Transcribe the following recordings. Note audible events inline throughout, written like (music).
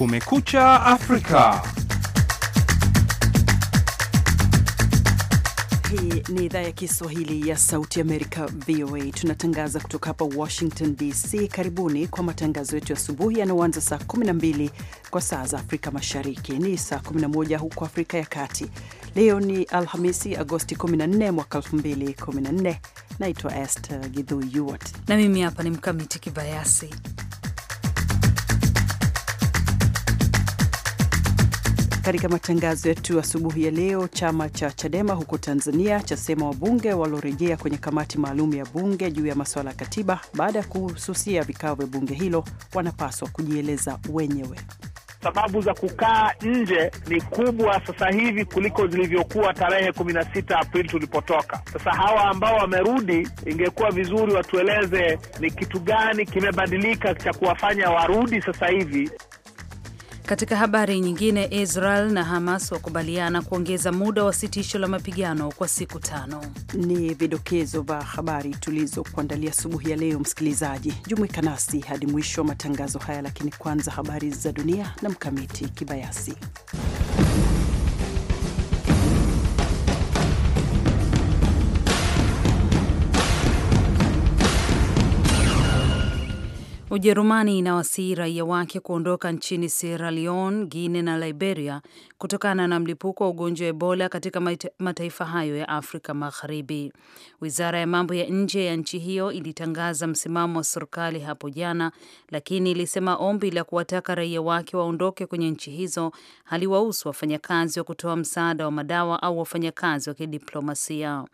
Kumekucha Afrika. Hii ni idhaa ya Kiswahili ya Sauti Amerika, VOA. Tunatangaza kutoka hapa Washington DC. Karibuni kwa matangazo yetu ya asubuhi yanayoanza saa 12 kwa saa za Afrika Mashariki, ni saa 11 huko Afrika ya Kati. Leo ni Alhamisi, Agosti 14 mwaka 2014. Naitwa Esther Gidhu Yuwat na mimi hapa ni Mkamiti Kibayasi Katika matangazo yetu asubuhi ya leo, chama cha Chadema huko Tanzania chasema wabunge waliorejea kwenye kamati maalum ya bunge juu ya masuala ya katiba baada ya kuhususia vikao vya bunge hilo wanapaswa kujieleza wenyewe. Sababu za kukaa nje ni kubwa sasa hivi kuliko zilivyokuwa tarehe 16 Aprili tulipotoka. Sasa hawa ambao wamerudi, ingekuwa vizuri watueleze ni kitu gani kimebadilika cha kuwafanya warudi sasa hivi. Katika habari nyingine, Israel na Hamas wakubaliana kuongeza muda wa sitisho la mapigano kwa siku tano. Ni vidokezo vya habari tulizokuandalia asubuhi ya leo. Msikilizaji, jumuika nasi hadi mwisho wa matangazo haya, lakini kwanza habari za dunia na Mkamiti Kibayasi. Ujerumani inawasihi raia wake kuondoka nchini Sierra Leone, Guinea na Liberia kutokana na mlipuko wa ugonjwa wa Ebola katika mataifa hayo ya Afrika Magharibi. Wizara ya mambo ya nje ya nchi hiyo ilitangaza msimamo wa serikali hapo jana, lakini ilisema ombi la kuwataka raia wake waondoke kwenye nchi hizo haliwahusu wafanyakazi wa kutoa msaada wa madawa au wafanyakazi wa kidiplomasia.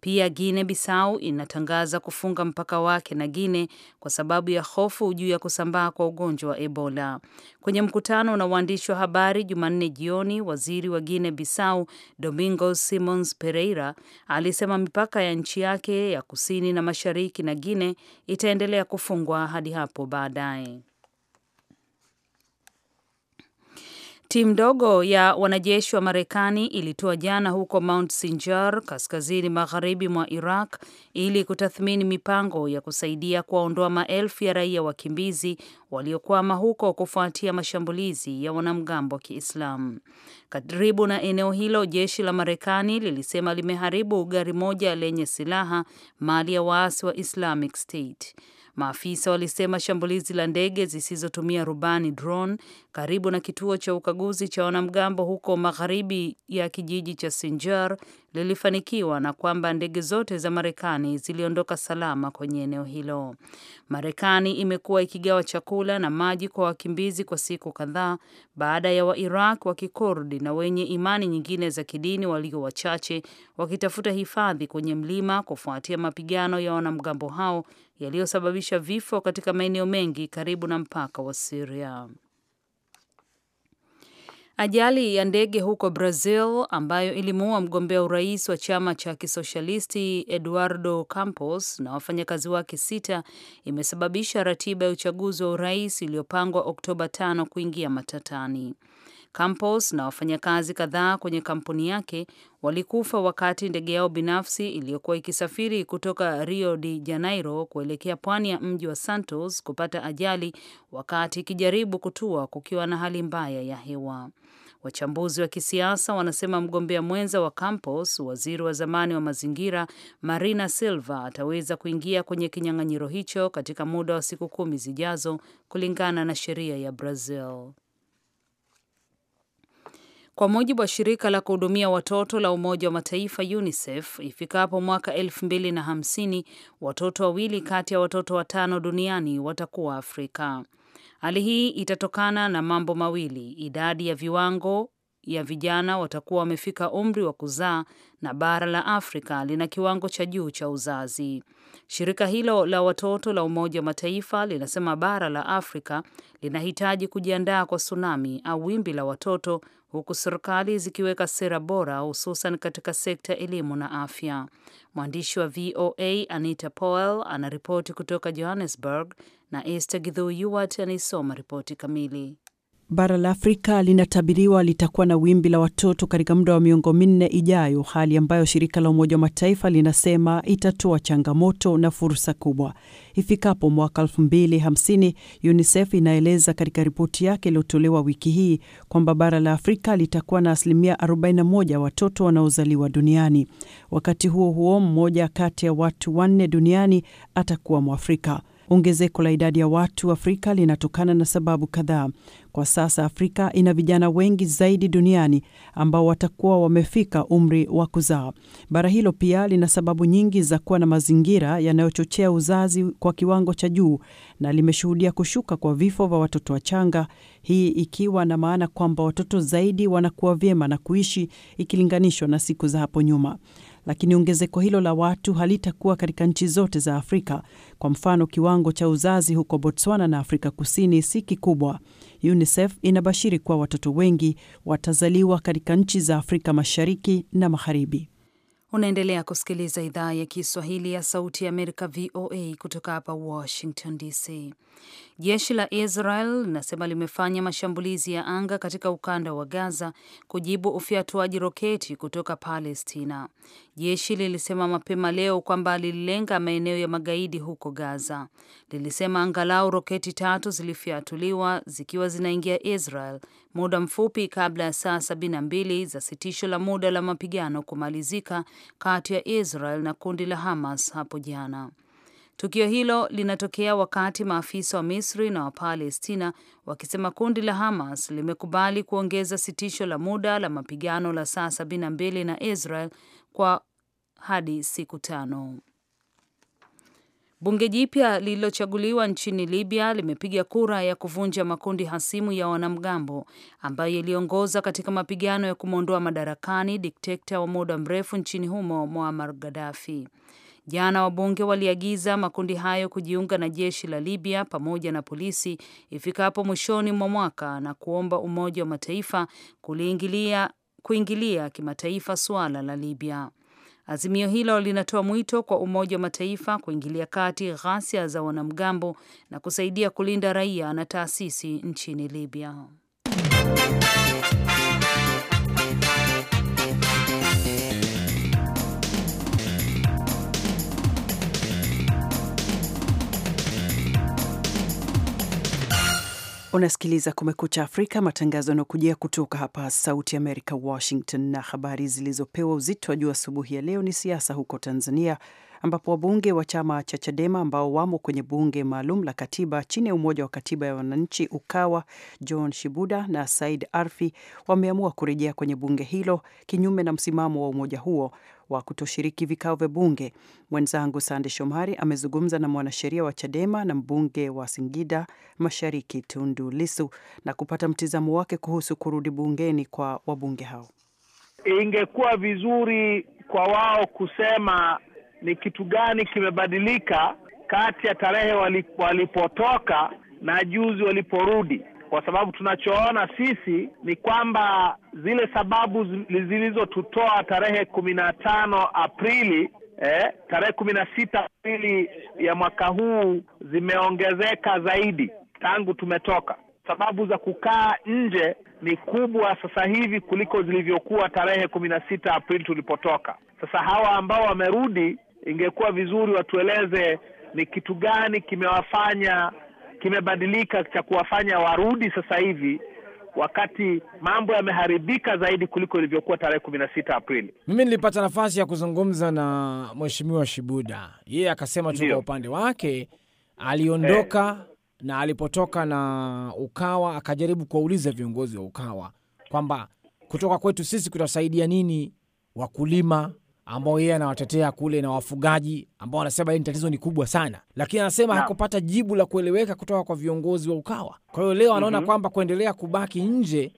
Pia Guinea Bissau inatangaza kufunga mpaka wake na Guinea kwa sababu ya hofu hofu juu ya kusambaa kwa ugonjwa wa Ebola. Kwenye mkutano na waandishi wa habari Jumanne jioni, waziri wa guine Bissau Domingos Simons Pereira alisema mipaka ya nchi yake ya kusini na mashariki na guine itaendelea kufungwa hadi hapo baadaye. Timu ndogo ya wanajeshi wa Marekani ilitoa jana huko Mount Sinjar, kaskazini magharibi mwa Iraq, ili kutathmini mipango ya kusaidia kuwaondoa maelfu ya raia wakimbizi waliokwama huko kufuatia mashambulizi ya wanamgambo wa Kiislamu. Karibu na eneo hilo, jeshi la Marekani lilisema limeharibu gari moja lenye silaha, mali ya waasi wa Islamic State. Maafisa walisema shambulizi la ndege zisizotumia rubani drone karibu na kituo cha ukaguzi cha wanamgambo huko magharibi ya kijiji cha Sinjar lilifanikiwa na kwamba ndege zote za Marekani ziliondoka salama kwenye eneo hilo. Marekani imekuwa ikigawa chakula na maji kwa wakimbizi kwa siku kadhaa baada ya Wairaq wa Kikurdi na wenye imani nyingine za kidini walio wachache wakitafuta hifadhi kwenye mlima kufuatia mapigano ya wanamgambo hao yaliyosababisha vifo katika maeneo mengi karibu na mpaka wa Syria. Ajali ya ndege huko Brazil ambayo ilimuua mgombea urais wa chama cha kisoshalisti Eduardo Campos na wafanyakazi wake sita imesababisha ratiba ya uchaguzi wa urais iliyopangwa Oktoba tano kuingia matatani. Campos na wafanyakazi kadhaa kwenye kampuni yake walikufa wakati ndege yao binafsi iliyokuwa ikisafiri kutoka Rio de Janeiro kuelekea pwani ya mji wa Santos kupata ajali wakati ikijaribu kutua kukiwa na hali mbaya ya hewa. Wachambuzi wa kisiasa wanasema mgombea mwenza wa Campos, waziri wa zamani wa mazingira Marina Silva, ataweza kuingia kwenye kinyang'anyiro hicho katika muda wa siku kumi zijazo kulingana na sheria ya Brazil. Kwa mujibu wa shirika la kuhudumia watoto la Umoja wa Mataifa UNICEF, ifikapo mwaka elfu mbili na hamsini watoto wawili kati ya watoto watano duniani watakuwa Afrika. Hali hii itatokana na mambo mawili: idadi ya viwango ya vijana watakuwa wamefika umri wa kuzaa na bara la Afrika lina kiwango cha juu cha uzazi. Shirika hilo la watoto la Umoja wa Mataifa linasema bara la Afrika linahitaji kujiandaa kwa tsunami au wimbi la watoto, huku serikali zikiweka sera bora, hususan katika sekta elimu na afya. Mwandishi wa VOA Anita Powell anaripoti kutoka Johannesburg na Esther Githu Yuwat anaisoma ripoti kamili. Bara la Afrika linatabiriwa litakuwa na wimbi la watoto katika muda wa miongo minne ijayo, hali ambayo shirika la Umoja wa Mataifa linasema itatoa changamoto na fursa kubwa. Ifikapo mwaka 2050, UNICEF inaeleza katika ripoti yake iliyotolewa wiki hii kwamba bara la Afrika litakuwa na asilimia 41 watoto wanaozaliwa duniani. Wakati huo huo, mmoja kati ya watu wanne duniani atakuwa Mwafrika. Ongezeko la idadi ya watu Afrika linatokana na sababu kadhaa. Kwa sasa Afrika ina vijana wengi zaidi duniani ambao watakuwa wamefika umri wa kuzaa. Bara hilo pia lina sababu nyingi za kuwa na mazingira yanayochochea uzazi kwa kiwango cha juu na limeshuhudia kushuka kwa vifo vya watoto wachanga, hii ikiwa na maana kwamba watoto zaidi wanakuwa vyema na kuishi ikilinganishwa na siku za hapo nyuma. Lakini ongezeko hilo la watu halitakuwa katika nchi zote za Afrika. Kwa mfano, kiwango cha uzazi huko Botswana na Afrika Kusini si kikubwa. UNICEF inabashiri kuwa watoto wengi watazaliwa katika nchi za Afrika Mashariki na Magharibi. Unaendelea kusikiliza idhaa ya Kiswahili ya Sauti ya Amerika, VOA, kutoka hapa Washington DC. Jeshi la Israel linasema limefanya mashambulizi ya anga katika ukanda wa Gaza kujibu ufyatuaji roketi kutoka Palestina. Jeshi lilisema mapema leo kwamba lililenga maeneo ya magaidi huko Gaza. Lilisema angalau roketi tatu zilifyatuliwa zikiwa zinaingia Israel muda mfupi kabla ya saa mbili za sitisho la muda la mapigano kumalizika kati ya Israel na kundi la Hamas hapo jana. Tukio hilo linatokea wakati maafisa wa Misri na Wapalestina wakisema kundi la Hamas limekubali kuongeza sitisho la muda la mapigano la saa mbili na Israel kwa hadi siku tano. Bunge jipya lililochaguliwa nchini Libya limepiga kura ya kuvunja makundi hasimu ya wanamgambo ambayo yaliongoza katika mapigano ya kumwondoa madarakani dikteta wa muda mrefu nchini humo Muammar Gaddafi. Jana wabunge waliagiza makundi hayo kujiunga na jeshi la Libya pamoja na polisi ifikapo mwishoni mwa mwaka na kuomba Umoja wa Mataifa kuliingilia kuingilia kimataifa suala la Libya. Azimio hilo linatoa mwito kwa Umoja wa Mataifa kuingilia kati ghasia za wanamgambo na kusaidia kulinda raia na taasisi nchini Libya. Unasikiliza Kumekucha Afrika, matangazo yanaokujia kutoka hapa Sauti Amerika, Washington. Na habari zilizopewa uzito wa juu asubuhi ya leo ni siasa huko Tanzania, ambapo wabunge wa chama cha Chadema ambao wamo kwenye bunge maalum la katiba chini ya Umoja wa Katiba ya Wananchi UKAWA, John Shibuda na Said Arfi wameamua kurejea kwenye bunge hilo kinyume na msimamo wa umoja huo, wa kutoshiriki vikao vya bunge. Mwenzangu Sande Shomari amezungumza na mwanasheria wa Chadema na mbunge wa Singida Mashariki Tundu Lisu na kupata mtizamo wake kuhusu kurudi bungeni kwa wabunge hao. Ingekuwa vizuri kwa wao kusema ni kitu gani kimebadilika kati ya tarehe walipotoka na juzi waliporudi kwa sababu tunachoona sisi ni kwamba zile sababu zilizotutoa tarehe kumi na tano Aprili eh, tarehe kumi na sita Aprili ya mwaka huu zimeongezeka zaidi tangu tumetoka. Sababu za kukaa nje ni kubwa sasa hivi kuliko zilivyokuwa tarehe kumi na sita Aprili tulipotoka. Sasa hawa ambao wamerudi, ingekuwa vizuri watueleze ni kitu gani kimewafanya kimebadilika cha kuwafanya warudi sasa hivi wakati mambo yameharibika zaidi kuliko ilivyokuwa tarehe kumi na sita Aprili. Mimi nilipata nafasi ya kuzungumza na Mheshimiwa Shibuda, yeye akasema tu kwa upande wake aliondoka eh, na alipotoka na Ukawa akajaribu kuwauliza viongozi wa Ukawa kwamba kutoka kwetu sisi kutasaidia nini wakulima ambao yeye anawatetea kule na wafugaji ambao wanasema hili tatizo ni kubwa sana, lakini anasema hakupata jibu la kueleweka kutoka kwa viongozi wa Ukawa. Kwa hiyo leo anaona mm -hmm. kwamba kuendelea kubaki nje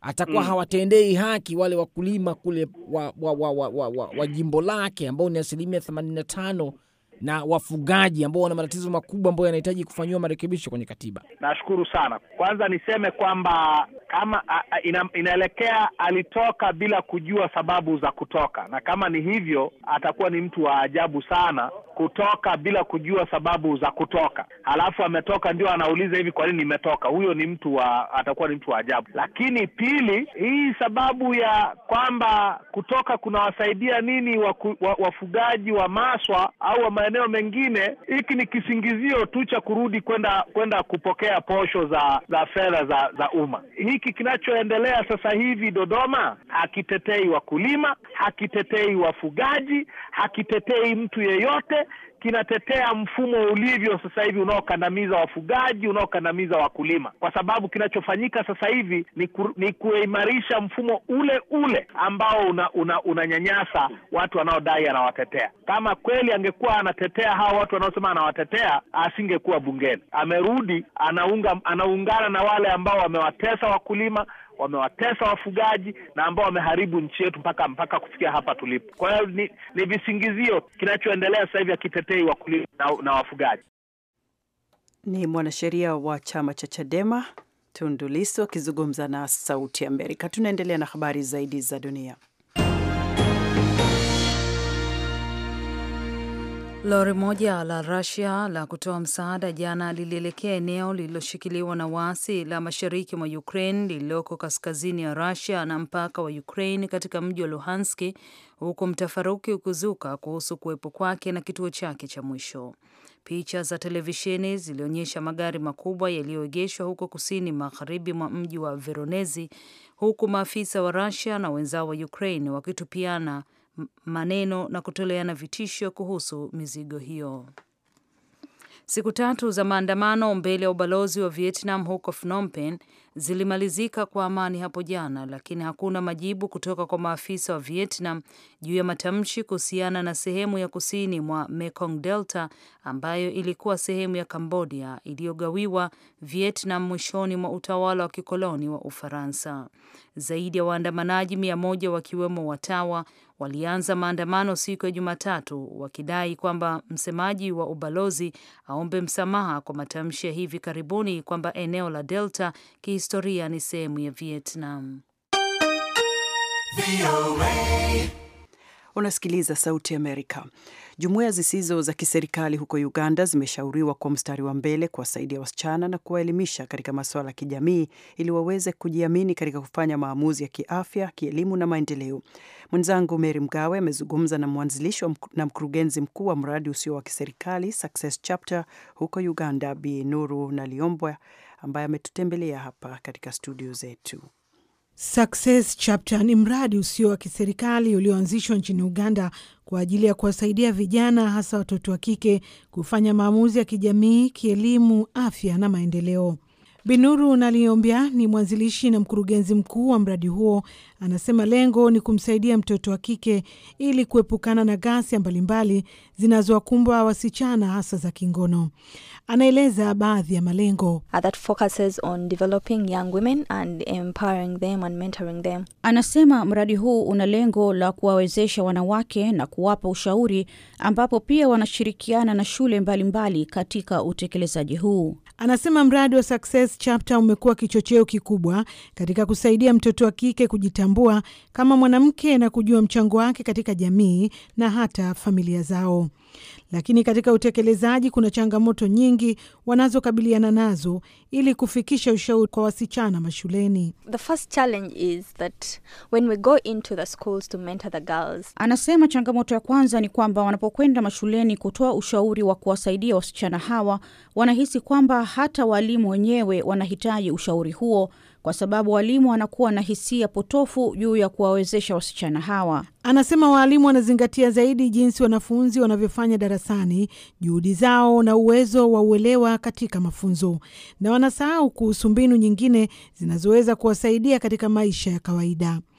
atakuwa mm. hawatendei haki wale wakulima kule wa, wa, wa, wa, wa, wa, wa jimbo lake ambao ni asilimia 85 na wafugaji ambao wana matatizo makubwa ambayo yanahitaji kufanyiwa marekebisho kwenye katiba? Nashukuru sana. Kwanza niseme kwamba kama ina, inaelekea alitoka bila kujua sababu za kutoka, na kama ni hivyo atakuwa ni mtu wa ajabu sana kutoka bila kujua sababu za kutoka, halafu ametoka ndio anauliza hivi, kwa nini nimetoka? Huyo ni mtu wa atakuwa ni mtu wa ajabu. Lakini pili, hii sababu ya kwamba kutoka kunawasaidia nini waku, wa, wafugaji wa maswa au wa maeneo mengine, hiki ni kisingizio tu cha kurudi kwenda kwenda kupokea posho za za fedha za za umma. Hiki kinachoendelea sasa hivi Dodoma hakitetei wakulima, hakitetei wafugaji, hakitetei mtu yeyote, kinatetea mfumo ulivyo sasa hivi unaokandamiza wafugaji, unaokandamiza wakulima, kwa sababu kinachofanyika sasa hivi ni, ku, ni kuimarisha mfumo ule ule ambao unanyanyasa una, una watu wanaodai anawatetea. Kama kweli angekuwa ana anawatetea hawa watu wanaosema anawatetea, asingekuwa bungeni. Amerudi anaunga, anaungana na wale ambao wamewatesa wakulima wamewatesa wafugaji na ambao wameharibu nchi yetu mpaka mpaka kufikia hapa tulipo. Kwa hiyo ni, ni visingizio kinachoendelea sasa hivi akitetei wakulima na, na wafugaji. Ni mwanasheria wa chama cha Chadema Tundu Lissu akizungumza na Sauti ya Amerika. Tunaendelea na habari zaidi za dunia. Lori moja la rasia la kutoa msaada jana lilielekea eneo lililoshikiliwa na waasi la mashariki mwa Ukraine lililoko kaskazini ya rasia na mpaka wa Ukraine katika mji wa Luhanski, huku mtafaruki ukizuka kuhusu kuwepo kwake na kituo chake cha mwisho. Picha za televisheni zilionyesha magari makubwa yaliyoegeshwa huko kusini magharibi mwa mji wa Veronezi, huku maafisa wa rasia na wenzao wa Ukraine wakitupiana maneno na kutoleana vitisho kuhusu mizigo hiyo. Siku tatu za maandamano mbele ya ubalozi wa Vietnam huko Phnom Penh zilimalizika kwa amani hapo jana, lakini hakuna majibu kutoka kwa maafisa wa Vietnam juu ya matamshi kuhusiana na sehemu ya kusini mwa Mekong Delta ambayo ilikuwa sehemu ya Kambodia iliyogawiwa Vietnam mwishoni mwa utawala wa kikoloni wa Ufaransa. Zaidi ya waandamanaji mia moja wakiwemo watawa, walianza maandamano siku ya Jumatatu wakidai kwamba msemaji wa ubalozi aombe msamaha kwa matamshi ya hivi karibuni kwamba eneo la Delta kihistoria ni sehemu ya Vietnam. Unasikiliza Sauti Amerika. Jumuiya zisizo za kiserikali huko Uganda zimeshauriwa kwa mstari wa mbele kuwasaidia wasichana na kuwaelimisha katika masuala ya kijamii ili waweze kujiamini katika kufanya maamuzi ya kiafya, kielimu na maendeleo. Mwenzangu Meri Mgawe amezungumza na mwanzilishi na mkurugenzi mkuu wa mradi usio wa kiserikali Success Chapter huko Uganda, Bi Nuru Naliombwa ambaye ametutembelea hapa katika studio zetu. Success Chapter ni mradi usio wa kiserikali ulioanzishwa nchini Uganda kwa ajili ya kuwasaidia vijana hasa watoto wa kike kufanya maamuzi ya kijamii, kielimu, afya na maendeleo. Binuru Naliombia ni mwanzilishi na mkurugenzi mkuu wa mradi huo, anasema lengo ni kumsaidia mtoto wa kike ili kuepukana na ghasia mbalimbali zinazowakumba wasichana hasa za kingono. Anaeleza baadhi ya malengo uh, that focuses on developing young women and empowering them and mentoring them. Anasema mradi huu una lengo la kuwawezesha wanawake na kuwapa ushauri, ambapo pia wanashirikiana na shule mbalimbali mbali katika utekelezaji huu. Anasema mradi wa Success Chapter umekuwa kichocheo kikubwa katika kusaidia mtoto wa kike kujitambua kama mwanamke na kujua mchango wake katika jamii na hata familia zao. Lakini katika utekelezaji kuna changamoto nyingi wanazokabiliana nazo ili kufikisha ushauri kwa wasichana mashuleni. The first challenge is that when we go into the schools to mentor the girls. Anasema changamoto ya kwanza ni kwamba wanapokwenda mashuleni kutoa ushauri wa kuwasaidia wasichana hawa wanahisi kwamba hata walimu wenyewe wanahitaji ushauri huo kwa sababu walimu wanakuwa na hisia potofu juu ya kuwawezesha wasichana hawa. Anasema waalimu wanazingatia zaidi jinsi wanafunzi wanavyofanya darasani, juhudi zao na uwezo wa uelewa katika mafunzo, na wanasahau kuhusu mbinu nyingine zinazoweza kuwasaidia katika maisha ya kawaida.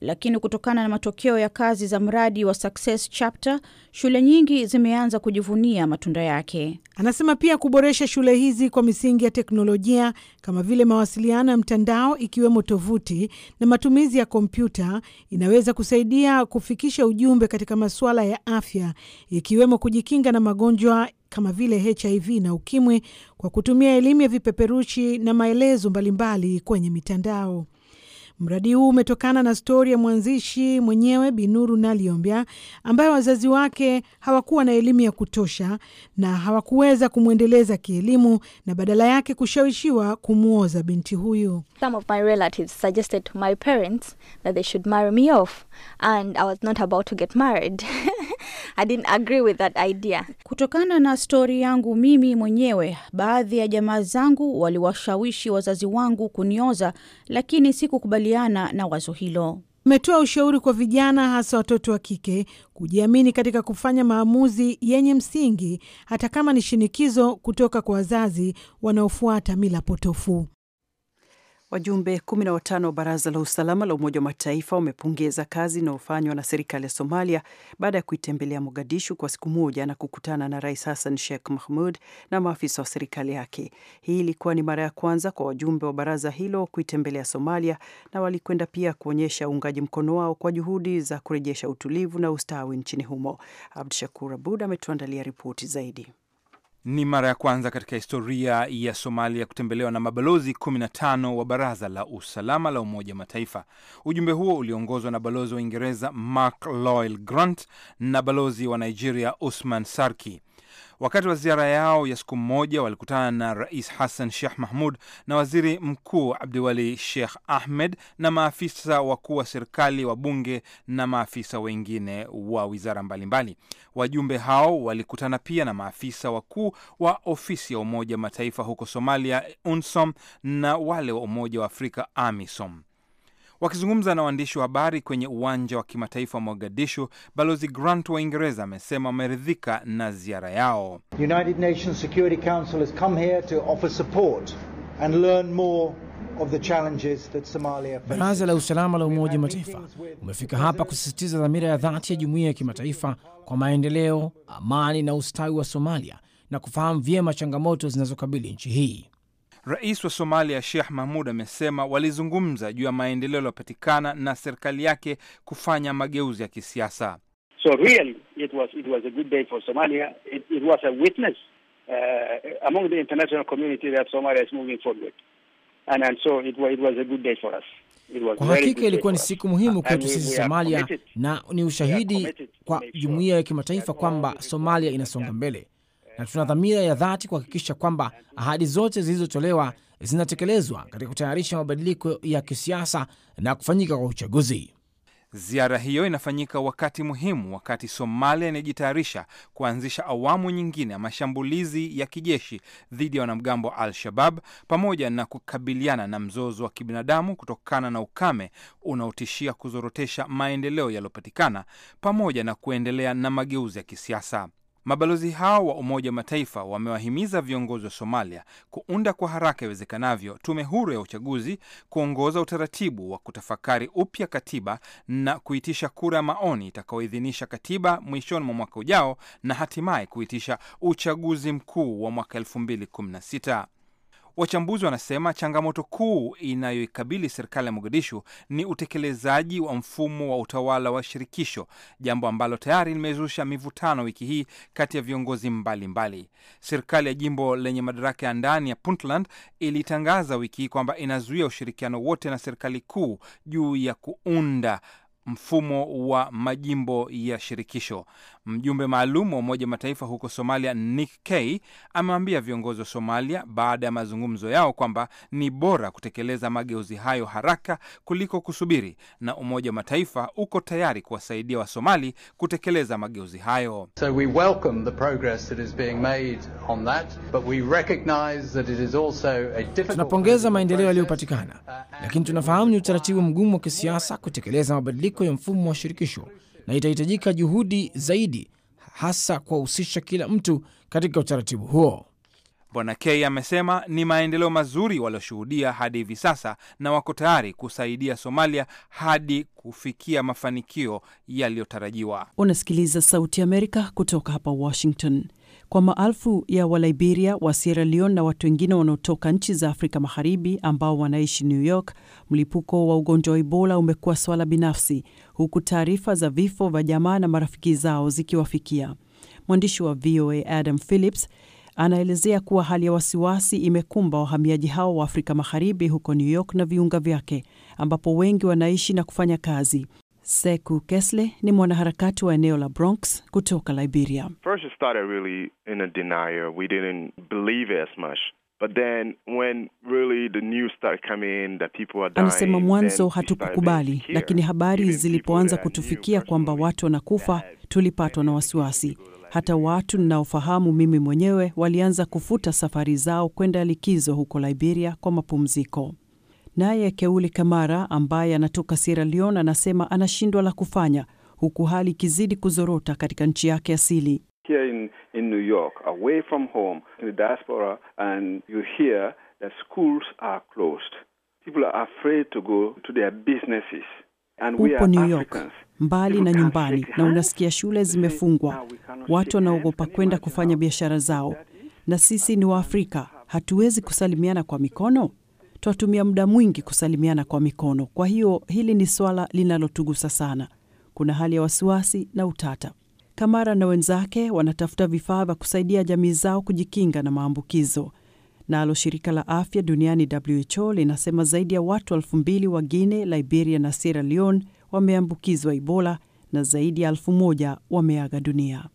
lakini kutokana na matokeo ya kazi za mradi wa Success Chapter, shule nyingi zimeanza kujivunia matunda yake. Anasema pia kuboresha shule hizi kwa misingi ya teknolojia kama vile mawasiliano ya mtandao, ikiwemo tovuti na matumizi ya kompyuta, inaweza kusaidia kufikisha ujumbe katika masuala ya afya, ikiwemo kujikinga na magonjwa kama vile HIV na ukimwi kwa kutumia elimu ya vipeperushi na maelezo mbalimbali kwenye mitandao. Mradi huu umetokana na stori ya mwanzishi mwenyewe Binuru Naliombya, ambaye wazazi wake hawakuwa na elimu ya kutosha na hawakuweza kumwendeleza kielimu, na badala yake kushawishiwa kumwoza binti huyu. Some of my relatives suggested to my parents that they should marry me off and I was not about to get married. (laughs) I didn't agree with that idea. Kutokana na stori yangu mimi mwenyewe, baadhi ya jamaa zangu waliwashawishi wazazi wangu kunioza, lakini sikukubali kukabiliana na wazo hilo. Umetoa ushauri kwa vijana, hasa watoto wa kike, kujiamini katika kufanya maamuzi yenye msingi, hata kama ni shinikizo kutoka kwa wazazi wanaofuata mila potofu. Wajumbe 15 wa Baraza la Usalama la Umoja wa Mataifa wamepongeza kazi inayofanywa na serikali ya Somalia baada ya kuitembelea Mogadishu kwa siku moja na kukutana na Rais Hassan Sheikh Mahmud na maafisa wa serikali yake. Hii ilikuwa ni mara ya kwanza kwa wajumbe wa baraza hilo kuitembelea Somalia na walikwenda pia kuonyesha uungaji mkono wao kwa juhudi za kurejesha utulivu na ustawi nchini humo. Abdu Shakur Abud ametuandalia ripoti zaidi. Ni mara ya kwanza katika historia ya Somalia kutembelewa na mabalozi 15 wa Baraza la Usalama la Umoja Mataifa. Ujumbe huo uliongozwa na balozi wa Uingereza Mark Lloyd Grant na balozi wa Nigeria Usman Sarki. Wakati wa ziara yao ya siku moja walikutana na Rais Hassan Sheikh Mahmud na Waziri Mkuu Abdiwali Sheikh Ahmed na maafisa wakuu wa serikali wa bunge na maafisa wengine wa wizara mbalimbali. Wajumbe hao walikutana pia na maafisa wakuu wa ofisi ya Umoja Mataifa huko Somalia, UNSOM, na wale wa Umoja wa Afrika, AMISOM. Wakizungumza na waandishi wa habari kwenye uwanja wa kimataifa wa Mogadishu, Balozi Grant wa Uingereza amesema wameridhika na ziara yao. United Nations Security Council has come here to offer support and learn more Baraza la usalama la Umoja wa Mataifa umefika hapa kusisitiza dhamira ya dhati ya jumuiya ya kimataifa kwa maendeleo, amani na ustawi wa Somalia na kufahamu vyema changamoto zinazokabili nchi hii. Rais wa Somalia Sheikh Mahmud amesema walizungumza juu ya maendeleo yaliyopatikana na serikali yake kufanya mageuzi ya kisiasa. So really, it was, it was a good day for Somalia. It, it was a witness uh, among the international community that Somalia is moving forward. And, and so it was, it was a good day for us. Kwa hakika ilikuwa ni siku muhimu kwetu sisi Somalia, na ni ushahidi kwa jumuiya ya kimataifa kwamba Somalia inasonga mbele na tuna dhamira ya dhati kuhakikisha kwamba ahadi zote zilizotolewa zinatekelezwa katika kutayarisha mabadiliko ya kisiasa na kufanyika kwa uchaguzi. Ziara hiyo inafanyika wakati muhimu, wakati Somalia inajitayarisha kuanzisha awamu nyingine ya mashambulizi ya kijeshi dhidi ya wanamgambo wa Al-Shabab pamoja na kukabiliana na mzozo wa kibinadamu kutokana na ukame unaotishia kuzorotesha maendeleo yaliyopatikana pamoja na kuendelea na mageuzi ya kisiasa. Mabalozi hao wa Umoja wa Mataifa wamewahimiza viongozi wa Somalia kuunda kwa haraka iwezekanavyo tume huru ya uchaguzi, kuongoza utaratibu wa kutafakari upya katiba na kuitisha kura ya maoni itakayoidhinisha katiba mwishoni mwa mwaka ujao na hatimaye kuitisha uchaguzi mkuu wa mwaka 2016. Wachambuzi wanasema changamoto kuu inayoikabili serikali ya Mogadishu ni utekelezaji wa mfumo wa utawala wa shirikisho, jambo ambalo tayari limezusha mivutano wiki hii kati ya viongozi mbalimbali. Serikali ya jimbo lenye madaraka ya ndani ya Puntland ilitangaza wiki hii kwamba inazuia ushirikiano wote na serikali kuu juu ya kuunda mfumo wa majimbo ya shirikisho. Mjumbe maalum wa Umoja Mataifa huko Somalia, Nick Kay, amewaambia viongozi wa Somalia baada ya mazungumzo yao kwamba ni bora kutekeleza mageuzi hayo haraka kuliko kusubiri, na Umoja Mataifa uko tayari kuwasaidia Wasomali kutekeleza mageuzi hayo. So we welcome the progress that is being made on that, but we recognize that it is also a difficult... Tunapongeza maendeleo yaliyopatikana, lakini tunafahamu ni utaratibu mgumu wa kisiasa kutekeleza mabadiliko ya mfumo wa shirikisho na itahitajika juhudi zaidi, hasa kuwahusisha kila mtu katika utaratibu huo. Bwana K amesema ni maendeleo mazuri walioshuhudia hadi hivi sasa na wako tayari kusaidia Somalia hadi kufikia mafanikio yaliyotarajiwa. Unasikiliza Sauti ya Amerika kutoka hapa Washington kwa maelfu ya Waliberia wa Sierra Leone na watu wengine wanaotoka nchi za Afrika Magharibi ambao wanaishi New York, mlipuko wa ugonjwa wa Ebola umekuwa swala binafsi, huku taarifa za vifo vya jamaa na marafiki zao zikiwafikia. Mwandishi wa VOA Adam Phillips anaelezea kuwa hali ya wasiwasi imekumba wahamiaji hao wa Afrika Magharibi huko New York na viunga vyake, ambapo wengi wanaishi na kufanya kazi. Seku Kesle ni mwanaharakati wa eneo la Bronx kutoka Liberia. First it started really in a denial. We didn't believe it as much. But then when really the news started coming in that people are dying, anasema mwanzo hatukukubali, lakini habari zilipoanza kutufikia kwamba watu wanakufa, tulipatwa na wasiwasi. Hata watu ninaofahamu mimi mwenyewe walianza kufuta safari zao kwenda likizo huko Liberia kwa mapumziko. Naye Keuli Kamara ambaye anatoka Sierra Leone anasema anashindwa la kufanya, huku hali ikizidi kuzorota katika nchi yake asili. Here in, in New York, away from home, in the diaspora, and you hear that schools are closed. People are afraid to go to their businesses. And New York mbali na nyumbani, na unasikia shule zimefungwa, watu wanaogopa kwenda kufanya biashara zao, na sisi ni Waafrika, hatuwezi kusalimiana kwa mikono twatumia muda mwingi kusalimiana kwa mikono. Kwa hiyo hili ni swala linalotugusa sana. Kuna hali ya wasiwasi na utata. Kamara na wenzake wanatafuta vifaa vya kusaidia jamii zao kujikinga na maambukizo. Nalo na shirika la afya duniani WHO linasema zaidi ya watu elfu mbili wa Guinea, Liberia na Sierra Leone wameambukizwa Ebola na zaidi ya elfu moja wameaga dunia.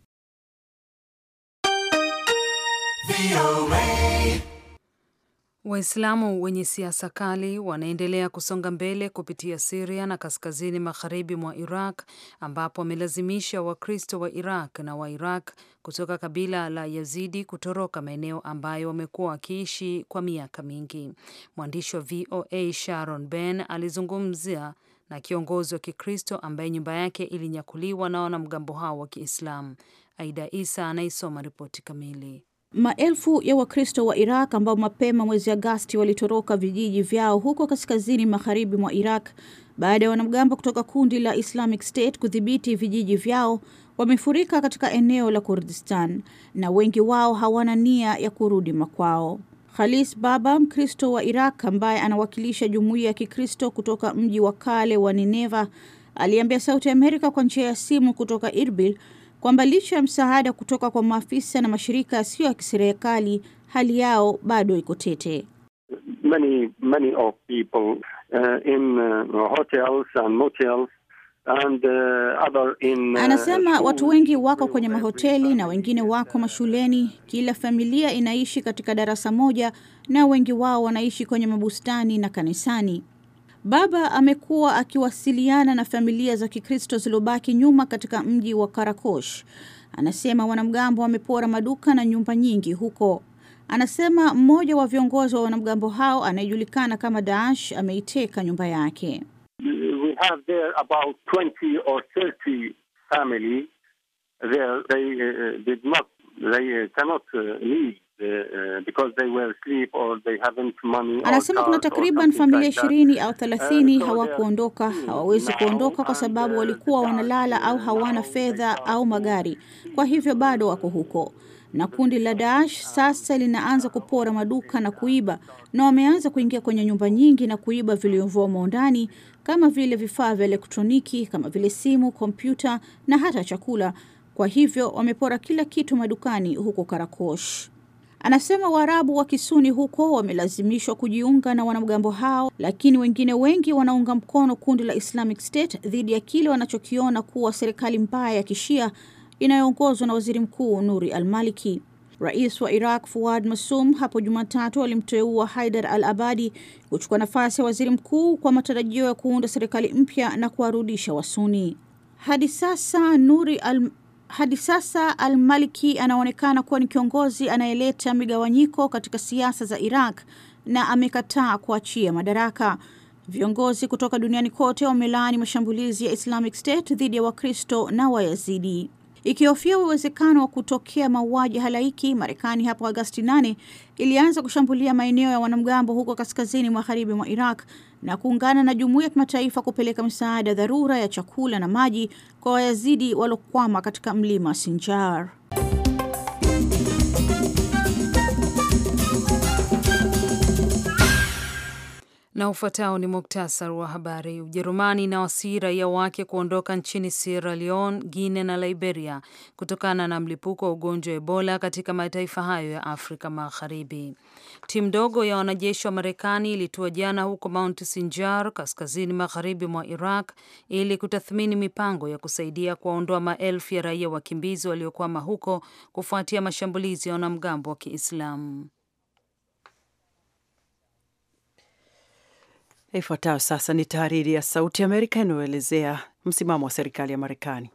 Waislamu wenye siasa kali wanaendelea kusonga mbele kupitia Siria na kaskazini magharibi mwa Iraq, ambapo wamelazimisha Wakristo wa Iraq na wa Iraq kutoka kabila la Yazidi kutoroka maeneo ambayo wamekuwa wakiishi kwa miaka mingi. Mwandishi wa VOA Sharon Ben alizungumzia na kiongozi wa Kikristo ambaye nyumba yake ilinyakuliwa na wanamgambo hao wa Kiislamu. Aida Isa anaisoma ripoti kamili. Maelfu ya Wakristo wa Iraq ambao mapema mwezi Agasti walitoroka vijiji vyao huko kaskazini magharibi mwa Iraq baada ya wanamgambo kutoka kundi la Islamic State kudhibiti vijiji vyao wamefurika katika eneo la Kurdistan na wengi wao hawana nia ya kurudi makwao. Khalis Baba, Mkristo wa Iraq ambaye anawakilisha jumuiya ya Kikristo kutoka mji wa kale wa Nineva, aliambia Sauti ya Amerika kwa njia ya simu kutoka Irbil kwamba licha ya msaada kutoka kwa maafisa na mashirika yasiyo ya kiserikali, hali yao bado iko tete. Many, many of people uh, in uh, hotels and motels and, uh, other in, uh, anasema watu wengi wako kwenye mahoteli na wengine wako mashuleni. Kila familia inaishi katika darasa moja na wengi wao wanaishi kwenye mabustani na kanisani. Baba amekuwa akiwasiliana na familia za Kikristo zilizobaki nyuma katika mji wa Karakosh. Anasema wanamgambo wamepora maduka na nyumba nyingi huko. Anasema mmoja wa viongozi wa wanamgambo hao anayejulikana kama Daesh ameiteka nyumba yake. We have there about 20 or 30 family there they, uh, did not they uh, cannot uh, leave Uh, uh, Anasema kuna takriban familia ishirini au uh, thelathini hawakuondoka, hawawezi kuondoka kwa sababu walikuwa wanalala au hawana fedha au magari, kwa hivyo bado wako huko na kundi la Daesh sasa linaanza kupora maduka na kuiba, na wameanza kuingia kwenye nyumba nyingi na kuiba vilivyomo ndani, kama vile vifaa vya elektroniki kama vile simu, kompyuta na hata chakula. Kwa hivyo wamepora kila kitu madukani huko Karakosh. Anasema Waarabu wa Kisuni huko wamelazimishwa kujiunga na wanamgambo hao, lakini wengine wengi wanaunga mkono kundi la Islamic State dhidi ya kile wanachokiona kuwa serikali mbaya ya Kishia inayoongozwa na Waziri Mkuu Nuri al-Maliki. Rais wa Iraq Fuad Masum hapo Jumatatu alimteua Haidar al-Abadi kuchukua nafasi ya waziri mkuu kwa matarajio ya kuunda serikali mpya na kuwarudisha Wasuni. Hadi sasa Nuri al hadi sasa al-Maliki anaonekana kuwa ni kiongozi anayeleta migawanyiko katika siasa za Iraq na amekataa kuachia madaraka. Viongozi kutoka duniani kote wamelaani mashambulizi ya Islamic State dhidi ya Wakristo na Wayazidi. Ikihofia uwezekano wa kutokea mauaji halaiki, Marekani hapo Agasti 8 ilianza kushambulia maeneo ya wanamgambo huko kaskazini magharibi mwa Iraq na kuungana na jumuiya ya kimataifa kupeleka misaada dharura ya chakula na maji kwa Wayazidi waliokwama katika mlima Sinjar. na ufuatao ni muktasar wa habari. Ujerumani inawasihi raia wake kuondoka nchini Sierra Leone, Guinea na Liberia kutokana na mlipuko wa ugonjwa wa Ebola katika mataifa hayo ya Afrika Magharibi. Timu ndogo ya wanajeshi wa Marekani ilitua jana huko Mount Sinjar, kaskazini magharibi mwa Iraq, ili kutathmini mipango ya kusaidia kuwaondoa maelfu ya raia wakimbizi waliokwama huko kufuatia mashambulizi ya wanamgambo wa Kiislamu. Ifuatayo sasa ni tahariri ya Sauti ya Amerika inayoelezea msimamo wa serikali ya Marekani.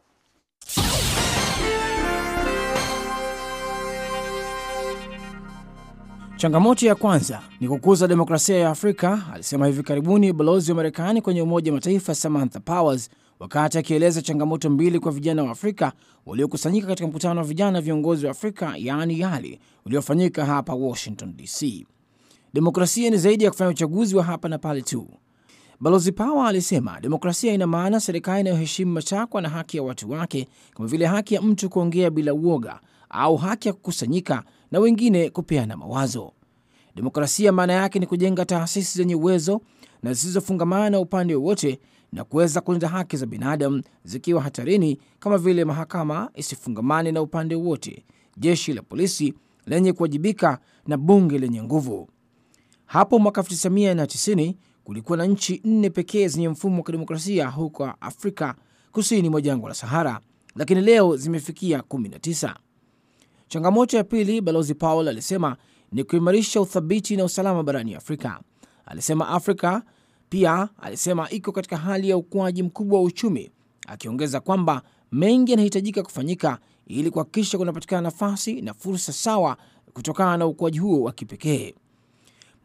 Changamoto ya kwanza ni kukuza demokrasia ya Afrika, alisema hivi karibuni balozi wa Marekani kwenye Umoja wa Mataifa Samantha Powers wakati akieleza changamoto mbili kwa vijana wa Afrika waliokusanyika katika mkutano wa vijana viongozi wa Afrika yaani YALI uliofanyika hapa Washington DC demokrasia ni zaidi ya kufanya uchaguzi wa hapa na pale tu. Balozi Power alisema demokrasia ina maana serikali inayoheshimu matakwa na haki ya watu wake, kama vile haki ya mtu kuongea bila uoga au haki ya kukusanyika na wengine kupeana mawazo. Demokrasia maana yake ni kujenga taasisi zenye uwezo na zisizofungamana na upande wowote na kuweza kulinda haki za binadamu zikiwa hatarini, kama vile mahakama isifungamane na upande wowote, jeshi la polisi lenye kuwajibika na bunge lenye nguvu. Hapo mwaka 1990 kulikuwa na nchi nne pekee zenye mfumo wa kidemokrasia huko Afrika kusini mwa jangwa la Sahara, lakini leo zimefikia 19. Changamoto ya pili, Balozi Paul alisema ni kuimarisha uthabiti na usalama barani Afrika. Alisema Afrika pia alisema iko katika hali ya ukuaji mkubwa wa uchumi, akiongeza kwamba mengi yanahitajika kufanyika ili kuhakikisha kunapatikana nafasi na fursa sawa kutokana na ukuaji huo wa kipekee.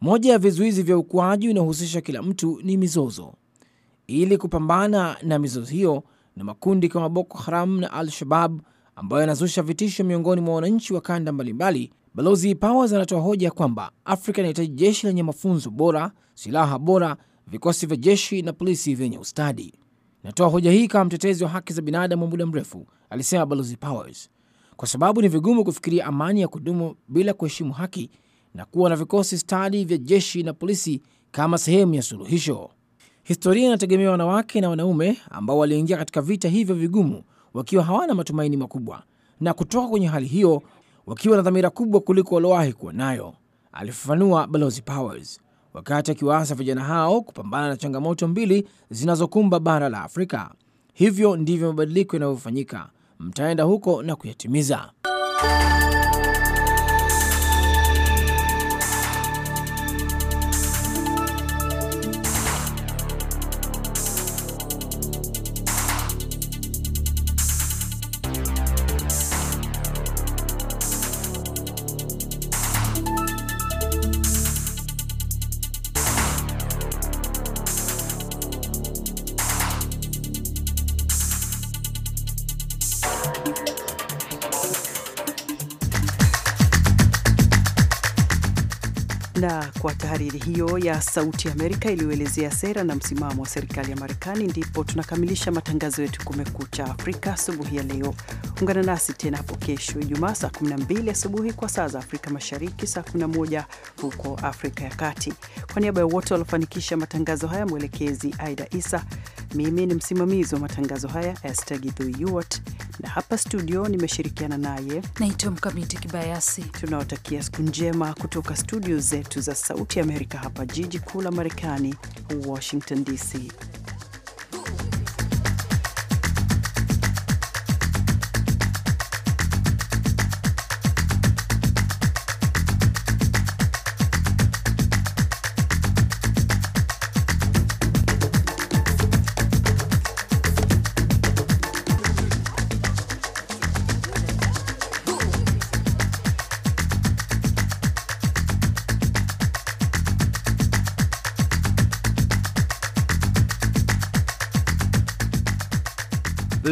Moja ya vizuizi vya ukuaji unaohusisha kila mtu ni mizozo. Ili kupambana na mizozo hiyo na makundi kama Boko Haram na Al-Shabab ambayo yanazusha vitisho miongoni mwa wananchi wa kanda mbalimbali, Balozi Powers anatoa hoja kwamba Afrika inahitaji jeshi lenye mafunzo bora, silaha bora, vikosi vya jeshi na polisi vyenye ustadi. Natoa hoja hii kama mtetezi wa haki za binadamu wa muda mrefu, alisema Balozi Powers, kwa sababu ni vigumu kufikiria amani ya kudumu bila kuheshimu haki na kuwa na vikosi stadi vya jeshi na polisi kama sehemu ya suluhisho. Historia inategemea wanawake na wanaume ambao waliingia katika vita hivyo vigumu wakiwa hawana matumaini makubwa na kutoka kwenye hali hiyo wakiwa na dhamira kubwa kuliko waliowahi kuwa nayo, alifafanua Balozi Powers wakati akiwaasa vijana hao kupambana na changamoto mbili zinazokumba bara la Afrika. Hivyo ndivyo mabadiliko yanavyofanyika, mtaenda huko na kuyatimiza. na kwa tahariri hiyo ya Sauti Amerika iliyoelezea sera na msimamo wa serikali ya Marekani, ndipo tunakamilisha matangazo yetu Kumekucha Afrika asubuhi ya leo. Ungana nasi tena hapo kesho Ijumaa saa 12 asubuhi kwa saa za Afrika Mashariki, saa 11 huko Afrika ya Kati. Kwa niaba ya wote waliofanikisha matangazo haya, mwelekezi Aida Isa, mimi ni msimamizi wa matangazo haya Esther Githuiyuot, na hapa studio nimeshirikiana naye naitwa Mkamiti Kibayasi. Tunawatakia siku njema kutoka studio zetu za Sauti ya Amerika hapa jiji kuu la Marekani, Washington DC.